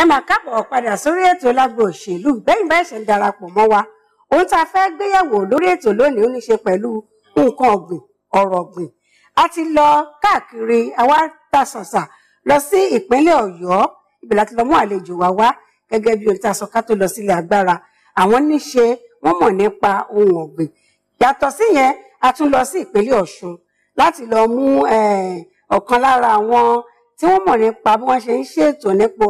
ẹ mà kábọ̀ padà sórí ètò lágbo òṣèlú bẹ́yìn bá ẹ̀ṣẹ̀ ń darapọ̀ mọ́ wa ohun tá a fẹ́ gbéyẹ̀wò lórí ètò lónìí ó ní ṣe pẹ̀lú nǹkan ọ̀gbìn ọ̀rọ̀ ọ̀gbìn a ti lọ káàkiri àwa ta sànsà lọ sí ìpínlẹ̀ ọ̀yọ́ ibẹ̀ láti lọ mú àlejò wa wá gẹ́gẹ́ bí ohun tá a sọ ká tó lọ sílẹ̀ agbára àwọn níṣe wọ́n mọ̀ nípa ohun ọ̀gbìn yàtọ̀ síyẹn a tún lọ sí ìpínlẹ̀ ọ̀ṣun láti lọ mú ọ̀kan lára àwọn tí wọ́n mọ̀ nípa bí wọ́n ṣe ń ṣètò nípa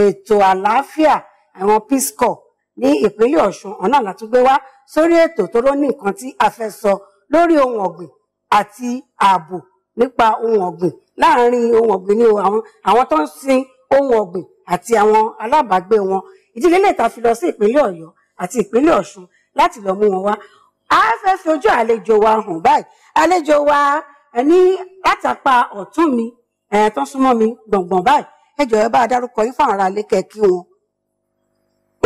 ètò àlàáfíà àwọn peace corps ní ìpínlẹ̀ Ọ̀ṣun ọ̀nà látúgbé wá sórí ètò tó ló ní nǹkan tí a fẹ́ sọ lórí ohun ọ̀gbìn àti ààbò nípa ohun ọ̀gbìn láàárín ohun ọ̀gbìn ní àwọn àwọn tó ń sin ohun ọ̀gbìn àti àwọn alábàágbé wọn ìdílé lè ta fi lọ sí ìpínlẹ̀ Ọ̀yọ́ àti ìpínlẹ̀ Ọ̀ṣun láti lọ mú wọn wá a fẹ́ fi ojú àlejò wa hàn báyìí àlejò wa ní látàpá ọ̀tún mi tó súnmọ́ mi gbọ̀ngbọ̀n báyìí ẹ jọ̀ọ́ ẹ bá a dárúkọ yín fáwọn ará ilé kẹ́kí wọn.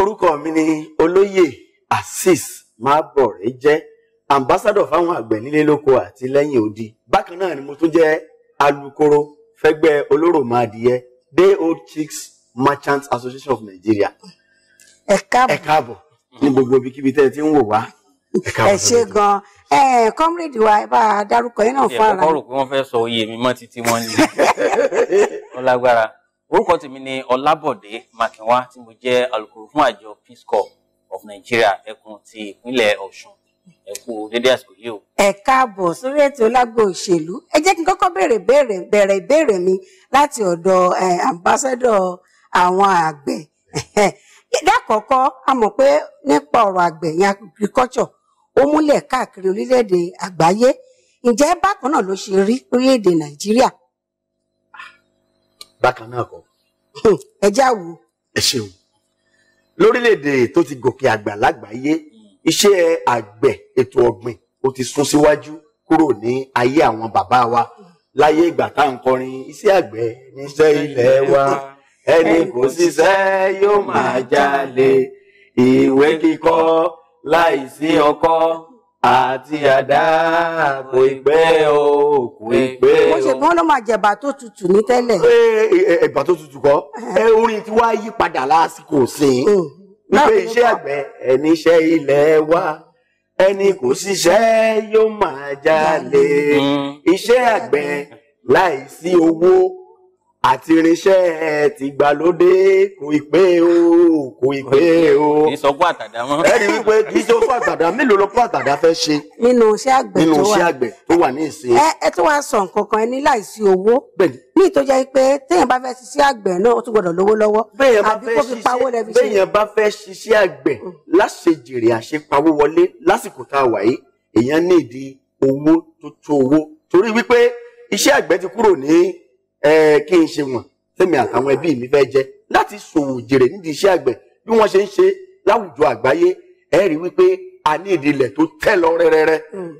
orúkọ mi ni olóyè Azeez Mábọ̀rẹ́ jẹ́ ambassadọ̀ fáwọn àgbẹ̀ nílé lóko àti lẹ́yìn odi bákan náà ni mo tún jẹ́ alukoro fẹ́gbẹ́ olóró màdìyẹ day old chicks merchants association of Nigeria. ẹ káàbọ̀ ẹ káàbọ̀ ní gbogbo ibikíbi tẹ́ ẹ ti ń wò wá ẹ ṣe gan ẹ kọmírèdì wa bá a dárúkọ yín náà fún ara. ẹ kọ́ rò pé wọ́n fẹ́ sọ oyè mi mọ́ títí wọ́n ní ọlágbára. orúkọ tèmi ni ọlábọ̀dé mákínwá tí mo jẹ́ alukoro fún àjọ peace corps of nigeria ẹkùn ti ìpínlẹ̀ ọ̀ṣun ẹ kú dédé àsìkò yìí o. ẹ káàbọ̀ sórí ètò lágbo òṣèlú ẹ jẹ́ kí n kọ́kọ́ bẹ̀rẹ̀ bẹ̀rẹ̀ ìbéèrè mi láti ọ̀dọ̀ ambassadọ̀ àwọn àgbẹ̀ lákọ̀ọ́kọ́ a mọ̀ pé nípa ọ̀rọ̀ àgbẹ̀ yẹn agriculture ó múlẹ̀ káàkiri orílẹ̀-èdè àgbáyé ǹjẹ́ bákan náà ló ṣe rí orílẹ̀-èdè nàìjíríà bákan náà kọ́. Hmm, ẹ já wo. ẹ ṣeun lórílẹ̀‐èdè tó ti gòkè àgbà lágbàáyé iṣẹ́ àgbẹ̀ ètò ọ̀gbìn ó ti sún síwájú kúrò ní ayé àwọn bàbá wa láyé ìgbà tá à ń kọrin iṣẹ́ àgbẹ̀ níṣẹ́ ilẹ̀ wa ẹni kò ṣiṣẹ́ yóò máa jalè ìwé kíkọ láìsí ọkọ àti àdá kò ìgbẹ́ o kò ìgbẹ́ o. mo ṣe bọ́n ló máa jẹ̀bà tó tutù ní tẹ́lẹ̀. ẹ̀bà tó tutù kọ́ orin tí wàá yí padà lásìkò sí i mm. wípé iṣẹ́ àgbẹ̀ ẹni iṣẹ́ ilẹ̀ wa ẹni kò ṣiṣẹ́ yóò máa jalè mm. iṣẹ́ àgbẹ̀ láìsí owó àti irinṣẹ́ tìgbàlódé kò ì pé o kò ì pé o. kì í sọkún àtàdá mọ́. ẹ rí i wípé kì í sọkún àtàdá mélòó lọkún àtàdá fẹ́ ṣe. nínú iṣẹ́ àgbẹ̀ tó wà nínú iṣẹ́ àgbẹ̀ tó wà ní ìsìn. ẹ ẹ tún wáá sọ nǹkan kan ní láìsí owó. bẹ́ẹ̀ni. ní ìtọ́jà yìí pé téèyàn bá fẹ́ ṣiṣẹ́ àgbẹ̀ náà ó tún gbọ́dọ̀ lówó lọ́wọ́. béèyàn bá fẹ́ ṣiṣẹ́ àgbẹ̀ mm. láṣejèrè kí n ṣe wọ̀n fẹ́mi àtàwọn ẹbí mi fẹ́ jẹ láti ṣòwò jèrè nídìí iṣẹ́ àgbẹ̀ bí wọ́n ṣe ń ṣe láwùjọ àgbáyé ẹ rí wípé a ní ìdílẹ̀ tó tẹ́ lọ rẹ́rẹ́rẹ́ hmm.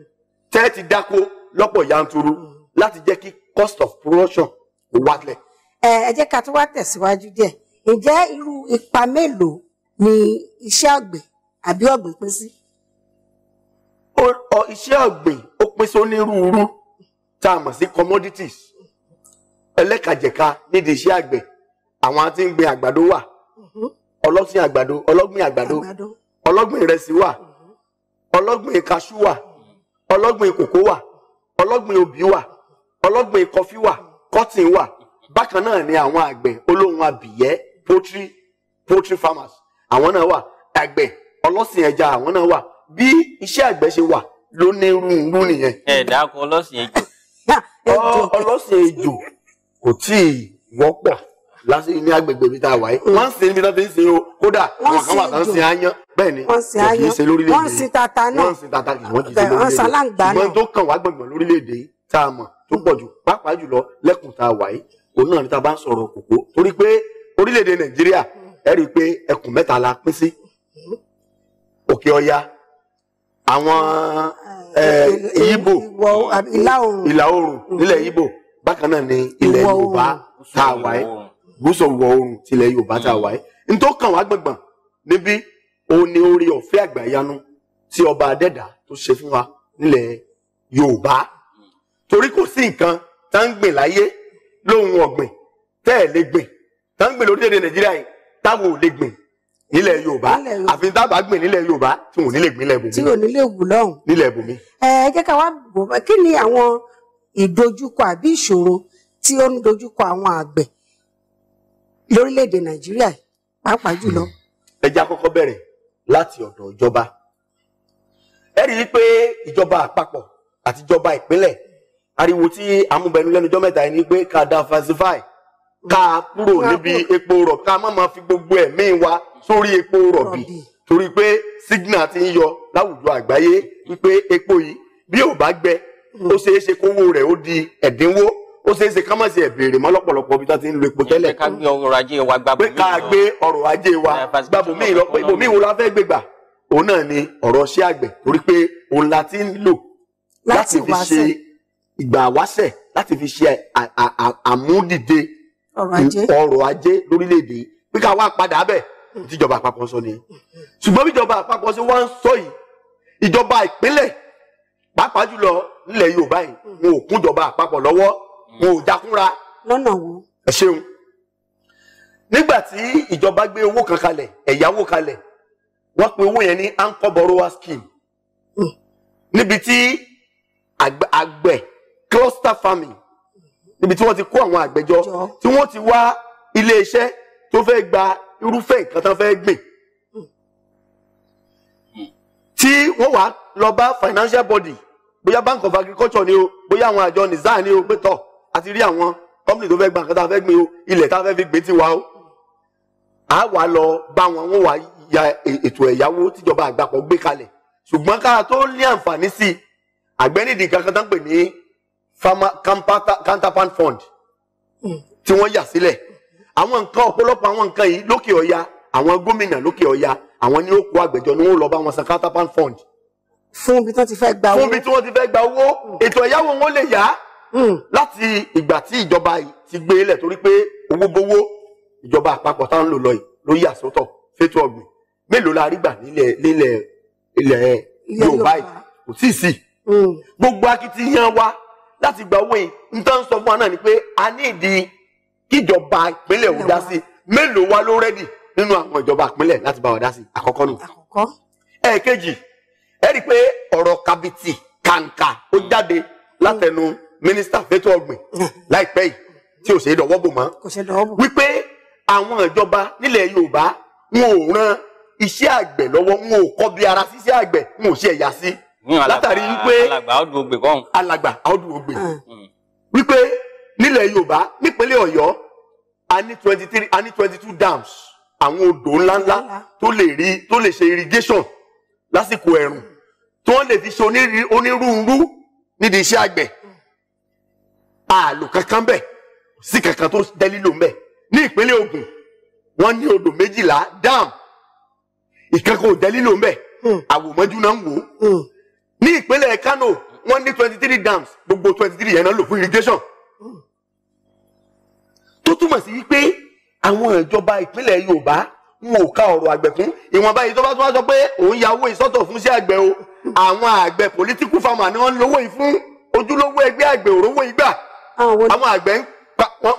tẹ́ ti dáko lọ́pọ̀ yanturu hmm. láti jẹ́ kí cost of production kó wálẹ̀. ẹ ẹ jẹ́ ká tún wá tẹ̀síwájú díẹ̀ ǹjẹ́ irú ipa mélòó ni iṣẹ́ àgbẹ̀ àbí ọ̀gbìn pín sí. iṣẹ́ ọ̀gbìn ó pín sí onírúurú tá a mọ̀ sí commodities ẹlẹ́kàjẹ̀ka nídìí iṣẹ́ àgbẹ̀ àwọn tí ń gbin àgbàdo wà mhm. ọlọ́sìn àgbàdo ọlọ́gbìn àgbàdo ọlọ́gbìn ìrẹsì wà mhm. ọlọ́gbìn kaṣú wà ọlọ́gbìn kòkó wà ọlọ́gbìn obì wà ọlọ́gbìn kọfí wà cotton wà bákan náà ni àwọn àgbẹ̀ olóhùn abìyẹ́ poultry poultry farmers àwọn náà wà àgbẹ̀ ọlọ́sìn ẹja àwọn náà wà bí iṣẹ́ àgbẹ̀ ṣe wà ló ní rúurú nìyẹn. ẹ dákun ọlọ́sìn ejò. ọlọ́sìn ejò kò tí ì wọ́pọ̀ lásì ní agbègbè mi tá a wà yìí wọ́n ń sin níbi tó fi ń sin o kódà àwọn kan wà tán sin aáyán bẹ́ẹ̀ ni wọ́n sin aáyán wọ́n sin tata náà wọ́n sin tata kì wọ́n kì í sin lórílẹ̀-èdè ṣùgbọ́n tó kàn wá gbọ̀ngbọ̀n lórílẹ̀-èdè tá a mọ̀ tó pọ̀ jù pàápàá jùlọ lẹ́kùn tá a wà yìí òun náà ni tá a bá ń sọ̀rọ̀ kòkó torí pé orílẹ̀-èdè Nàìjíríà ẹ rí i pé ẹkùn mẹ́ta la pín sí òkè ọya àwọn Ìgbò ìlà oòrùn nílẹ̀ Ìgbò bákan náà ni ilẹ̀ yorùbá tá a wáyé gúúsù wọ oòrùn tilẹ̀ yorùbá tá a wáyé nítorí kan wá gbọ̀ngbọ̀n níbí òun ni orí ọ̀fẹ́ àgbàyanu tí ọba adẹ́dà tó ṣe fún wa nílẹ̀ yorùbá torí kò sí nǹkan tá ń gbìn láyé lóhun ọ̀gbìn tẹ́ ẹ̀ lè gbìn tá ń gbìn lórílẹ̀‐èdè nàìjíríà yìí táwọn ò lè gbìn nílẹ̀ yorùbá àfi dábàá gbìn nílẹ̀ yorùbá tí wọn ò nílè ìdojúkọ àbí ìṣòro tí ó ń dojúkọ àwọn àgbẹ̀ lórílẹ̀‐èdè nàìjíríà pàápàá jùlọ. ẹ jẹ́ àkọ́kọ́ bẹ̀rẹ̀ láti ọ̀dọ̀ ìjọba ẹ rí i pé ìjọba àpapọ̀ àti ìjọba ìpínlẹ̀ ariwo tí amúbẹnu lẹ́nujọ́ mẹ́ta ẹni pé ká diversify ká kúrò níbi epo rọ̀ ká má máa fi gbogbo ẹ̀mí wa sórí epo rọ̀bì torí pé signal ti ń yọ láwùjọ àgbáyé wípé epo yìí bí ò bá gbẹ ó ṣeé ṣe kówó rẹ̀ ó di ẹ̀dínwó ó ṣeé ṣe ká ẹ̀bẹ̀rẹ̀ mọ́ lọ́pọ̀lọpọ̀ bí wọ́n ti ń lo epo tẹ́lẹ̀. pé ká gbé ọrọ̀ ajé wa gbàbọ̀ míì lọ pé ká wo la fẹ́ gbé gbà òun náà ni ọ̀rọ̀ iṣẹ́ àgbẹ̀ torí pé òun la ti ń lò láti fi ṣe ìgbà àwáṣẹ̀ láti fi ṣe àmúdìde ọrọ̀ ajé lórílẹ̀‐èdè pé ká wá padà bẹ̀ tíjọba àpapọ̀ sọ ni ṣùgbọ́n bíjọba àpapọ̀ ṣe wá ń sọ yìí ìjọba ìpínlẹ̀ pàápàá jùlọ nílẹ̀ yorùbá yìí hmm. wọn ò kúnjọba àpapọ̀ lọ́wọ́ wọn ò jakúnra. lọ́nà wo. ẹ ṣeun nígbà tí ìjọba gbé owó kan kalẹ̀ ẹ̀yáwó kalẹ̀ wọ́n pe owó yẹn ní anchor borrower scheme hmm. níbi tí àgbẹ̀ cluster farming níbi tí wọ́n ti kó àwọn àgbẹ̀jọ tí wọ́n ti wá iléeṣẹ́ tó fẹ́ gba irúfẹ́ nǹkan tán fẹ́ gbìn hmm. tí wọ́n wá lọ bá financial body bóyá bank of agriculture ni o bóyá àwọn àjọ nìzá ni o pé tọ àti rí àwọn company tó fẹ́ gbà kátà fẹ́ gbin o ilẹ̀ tá a fẹ́ fi gbé tiwa o a wà lọ bá wọn wọn wà ya ètò ẹ̀yáwó tíjọba àgbàpọ̀ gbé kalẹ̀ ṣùgbọ́n ká tó ní àǹfààní sí àgbẹ̀nìdì kankan tó ń pè ní counterpart fund tí wọ́n yà sílẹ̀ àwọn nǹkan ọ̀pọ̀lọpọ̀ àwọn nǹkan yìí lókè ọ̀ya àwọn gómìnà lókè ọ̀ya àwọn ní ó kó àgbẹ̀jọ ni wọ́n lọ bá wọn san counterpart fund fún bí wọ́n ti fẹ́ gba owó fún bí wọ́n ti fẹ́ gba owó ètò ẹ̀yáwó wọn lè yá mm. láti ìgbà tí ìjọba ti gbé lẹ̀ torí pé owó gbowó ìjọba àpapọ̀ tá ń lò lọ yìí ló yà sọ́tọ̀ fétò ọ̀gbìn mélòó la rí gbà nílẹ̀ nílẹ̀ ilẹ̀ Yorùbá yìí kò tí ì sí mm. gbogbo akitiyan wa láti gba owó yìí n tán sọ fún wa náà ni pé a ní ìdí kíjọba ìpínlẹ̀ ò dá sí mélòó wa ló rẹ́dì nínú àwọn ìjọba ìpínlẹ̀ láti bá wa dá sí àkọ́kọ́ nù. àkọ́kọ́ ẹ rí i pé ọ̀rọ̀ kabiti kàǹkà ó jáde látẹnu mínísítà fẹ́tọ̀ ọ̀gbìn láìpẹ́ yìí tí ò ṣe é dọ̀wọ́ bò mọ́ wípé àwọn ìjọba nílẹ̀ Yorùbá wọn ò ran iṣẹ́ àgbẹ̀ lọ́wọ́ wọn ò kọ́ bí ara síṣẹ́ àgbẹ̀ wọn ò ṣe ẹ̀yà sí látàrí wípé alàgbà ọdún ògbè kọ́hún alàgbà ọdún ògbè ah. wípé nílẹ̀ Yorùbá nípínlẹ̀ Ọ̀yọ́ a ní twenty three a ní twenty two dams àwọn odò ńláńlá tó lè rí tó lè ṣe irrigation lásìkò ẹ̀rùn tí wọ́n lè fi ṣe onírúurú nídìí iṣẹ́ àgbẹ̀ àlò kankan bẹ̀ sí kankan tó dẹ́ lílò ń bẹ̀ ní ìpínlẹ̀ Ògùn wọ́n ní odò méjìlá dam ìkankan ò dẹ́ lílò ń bẹ̀ hmm. àwòmọ́jú náà ń wò ó hmm. ní ìpínlẹ̀ Kano wọ́n ní twenty three dams gbogbo twenty three yẹn náà lò fún irrigation hmm. tó túmọ̀ sí wípé àwọn ìjọba ìpínlẹ̀ Yorùbá n ò ọ̀rọ̀ àgbẹ̀ kún ìwọ̀nba yìí tó bá tún wá sọ pé òun ya owó ìsọ́tọ̀ fún sí àgbẹ̀ o àwọn àgbẹ̀ political farmer ni wọ́n ń lówó yìí fún ojúlówó ẹgbẹ́ àgbẹ̀ òrówó ìgbà àwọn àgbẹ̀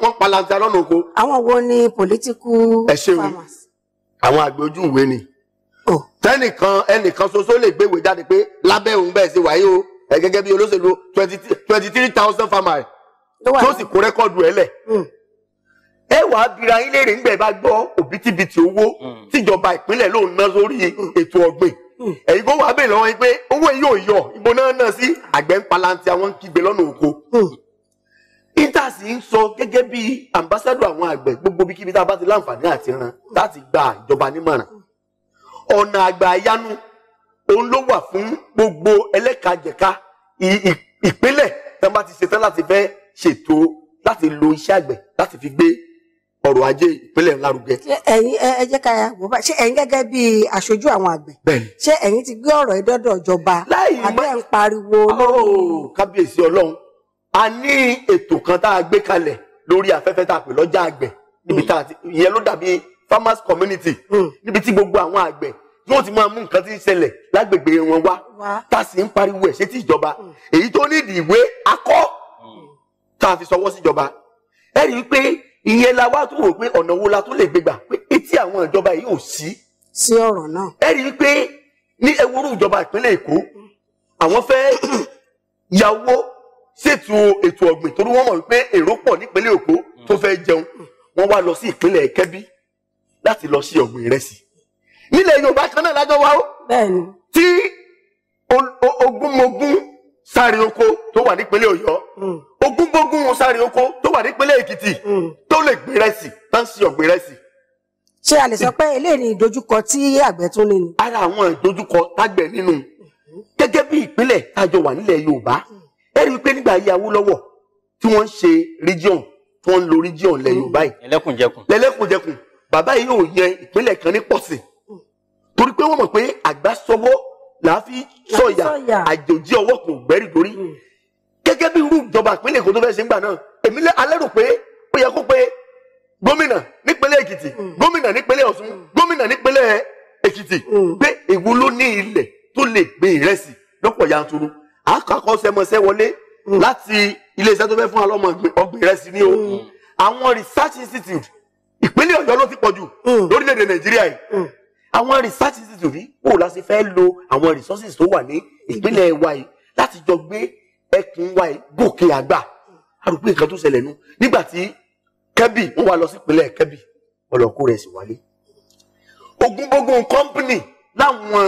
wọ́n palanta lọ́nà oko. àwọn wo ni political farmers. àwọn àgbẹ̀ ojú ìwé ni tẹnìkan ẹnìkan ṣoṣo lè gbéwèé jáde pé lábẹ́ òun bẹ́ẹ̀ ṣe wáyé o gẹ́gẹ́ bí olóṣèlú twenty three thousand farmers tó sì kó rẹ́kọ̀dù ẹ̀ lẹ̀ hmm ẹ wàá bira yín léèrè ńgbẹ bá gbọ́ òbítíbitì owó hmm. tíjọba ìpínlẹ̀ ló ń ná sórí ètò ọ̀gbìn èyí kó wàá bèèrè lọ́wọ́ yín pé owó yóò yọ ìbò náà náà sí àgbẹ̀ ń palanti àwọn kígbe lọ́nà oko intasi hmm. ń sọ gẹ́gẹ́ bí ambassadọ̀ àwọn àgbẹ̀ gbogbo bí kíbi tá a bá ti láǹfààní àti ran láti gba ìjọba nímọ̀ràn ọ̀nà àgbà yanu òun ló wà fún gbogbo ẹlẹ́kajẹ̀ka ìpínlẹ̀ tí wọ́n bá ti ṣetán láti fẹ́ ṣètò láti lo iṣẹ́ àgbẹ̀ láti fi gbé ọrọ̀ ajé ìpínlẹ̀ ńlárugẹ. ẹ̀yin ẹ jẹ́ ká wò bá ṣé ẹ̀yin gẹ́gẹ́ bí aṣojú àwọn àgbẹ̀. bẹ́ẹ̀ni ṣé ẹ̀yin ti gbé ọ̀rọ̀ ìdọdọ ìjọba. láì má àbẹ ń pariwo lórí. kábíyèsí Ọlọ́run a ní ètò kan tá a gbé kalẹ̀ lórí afẹ́fẹ́ tá a pè lọ́jà àgbẹ̀ hmm. níbi tá a ti ìyẹn ló dàbí farmers community hmm. níbi tí gbogbo àwọn àgbẹ̀ yóò ti máa mú nǹkan tí ń ṣẹlẹ̀ lágbègbè wọn wá tá a sì ń pariwo ẹ̀ ṣe tí ìjọba hmm. èyí tó nídìí ìwé akọ́ tá a fi sọwọ́ síjọba ẹ rí i pé ìyẹn la wá tún wò pé ọ̀nà wo la tún lè gbégbà pé etí àwọn ìjọba yìí ò sí. sí ọ̀rọ̀ náà. ẹ rí i pé ní ewúrú ìjọba ìpínlẹ̀ èkó àwọn fẹ́ yàwó ṣètò ètò ọ̀gbìn torí wọ́n mọ̀ wípé èrò pọ̀ nípínlẹ̀ èkó tó fẹ́ jẹun wọ́n wá lọ sí ìpínlẹ̀ kẹ́bí láti lọ sí ọ̀gbìn ìrẹsì. nílẹ̀ yorùbá kan náà lájọ wa ó. bẹ́ẹ̀ni. tí ogúnmogún sáré oko tó wà nípínlẹ̀ ọ̀yọ́ hmm ogúngbógún sáré oko tó wà nípínlẹ̀ Èkìtì hmm. tó lè gbé rẹsì tán sí ọ̀gbẹ́ rẹsì. ṣé a lè sọ pé eléyìí ni ìdojúkọ tí àgbẹ̀ tún lé ni. ara àwọn ìdojúkọ tágbẹ̀ nínú gẹ́gẹ́ bí ìpínlẹ̀ tájọ wà nílẹ̀ Yorùbá ẹ rí i pé nígbà ayé Awólọ́wọ̀ tí wọ́n ń ṣe region tí wọ́n ń lo region lẹ̀ hmm. Yorùbá yìí. lẹ́lẹ́kùnjẹkùn. lẹ́lẹ́kùnjẹkùn bàbá yìí ò yẹ ìpínlẹ̀ kan ní pọ̀sì hmm. torí pé wọ́n mọ̀ pé àgbà sọwọ́ làá fi sọ̀yà àjòjì ọwọ́ kò gbẹ́rì dórí gẹ́gẹ́ bí irú ìjọba ìpínlẹ̀ Èkó tó fẹ́ ṣe ń gbà náà èmi alẹ́ rò pé ó yẹ kó pé gómìnà nípínlẹ̀ Èkìtì hmm. gómìnà nípínlẹ̀ Ọ̀ṣun hmm. gómìnà nípínlẹ̀ Èkìtì hmm. pé èwo ló ní ilẹ̀ tó lè gbé ìrẹsì lọ́pọ̀ yanturu àkọ́kọ́ sẹmọsẹ wọlé láti iléeṣẹ́ tó fẹ́ fún alọ́mọ ọgbìn ìrẹsì ní o àwọn research institute ìpínlẹ̀ Ọ̀yọ́ ló ti pọ̀ jù lórílẹ̀‐èdè Nàìjíríà yìí àwọn research institute yìí kò láti fẹ́ lo àwọn resources tó wà ní ìpínlẹ̀ wa yìí láti jọ gbé ẹkùn wa gòkè àgbà arúgbó nǹkan tó ṣẹlẹ̀ nu nígbà tí kẹ́bì ń wá lọ sí ìpínlẹ̀ kẹ́bì ọlọ́kú rẹ̀ sì wálé ogunbogun kọ́mpìnì láwọn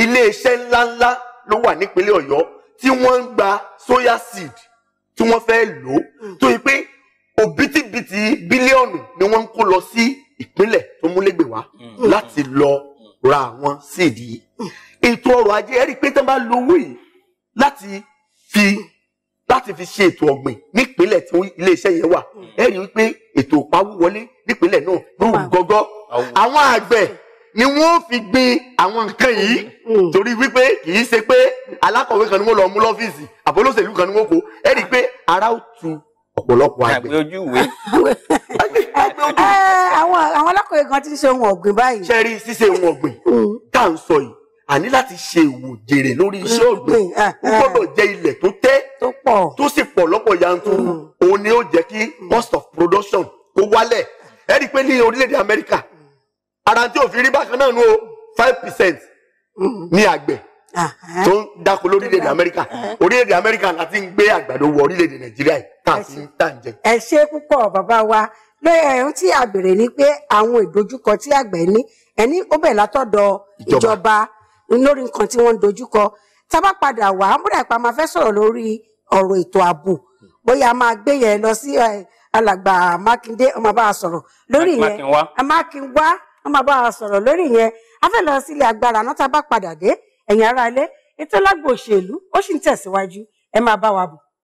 iléeṣẹ́ ńláńlá ló wà nípínlẹ̀ ọ̀yọ́ tí wọ́n ń gba soya seed tí wọ́n fẹ́ lò ó tó yẹ pé òbítíbitì bílíọ̀nù ni wọ́n ń kó lọ sí ìpínlẹ̀ tó múlẹ́gbẹ̀ wá láti lọ ra àwọn seed yìí ètò ọrọ̀ ajé ẹ̀rí pé tán bá lo owó yìí láti fi láti fi ṣe ètò ọ̀gbìn nípínlẹ̀ tí iléeṣẹ́ yẹn wà ẹ rí i pé ètò ìpawówọlé nípínlẹ̀ náà lóru gọ́gọ́ àwọn àgbẹ̀ ni wọ́n fi gbin àwọn nǹkan yìí hmm. torí wípé kì í ṣe pé alákọ̀wé kan ni wọ́n lọ mú lọ́fíìsì àbólóṣèlú kan ni wọ́n kó ẹ rí i pé ara ó tu ọ̀pọ̀lọpọ̀ àgbẹ̀. àgbẹ̀ ojú ìwé. àgbẹ̀ ojú ìwé. Eh, àwọn alákọ̀wé kan ti ń ṣe ohun ọ̀gbìn báyìí. ṣẹ́rí ṣíṣe ohun ọ̀gbìn hmm. tá à ń sọ yìí a ní láti ṣe ìwòjèrè lórí iṣẹ́ mm. ọ̀gbìn eh, gbọ́dọ̀ jẹ́ ilẹ̀ tó tẹ́ tó sì pọ̀ lọ́pọ̀ yanturu mm. òun ni ó jẹ́ kí mm. cost of production kó wálẹ̀ ẹ rí i pé ní orílẹ̀-èdè Amẹ́ríkà ara tí òfin rí bákan náà nu o five percent ní àgbẹ̀ tó ń dáko lórílẹ̀-èdè Amẹ́ríkà orílẹ̀-èdè Amẹ́ríkà láti ń gbé àgbàdo wọ orílẹ̀-èdè Nàìjíríà yìí tá a ti ń tà ń jẹ. ẹ ṣe púpọ̀ bàbá wa lóyún tí a béèrè ni pé àwọn ìdojúkọ tí àgbẹ̀ ní ẹni ó bẹ̀ látọ̀dọ̀ ìjọba lórí nǹkan tí wọ́n ń dojúkọ tá a bá padà wá múra ìpa máa fẹ́ sọ̀rọ̀ lórí ọ̀rọ̀ ètò ààbò bóyá a máa gbé yẹn lọ sí alàgbà Mákindé ó bá a sọ̀rọ̀ lórí yẹn Mákinwá ó bá a sọ̀rọ̀ lórí yẹn a fẹ́ lọ sílé agbára náà tá a bá padà dé ẹ̀yin ará ilé ètò lágbo òṣèlú ó sì ń tẹ̀síwájú ẹ máa bá wa bọ̀.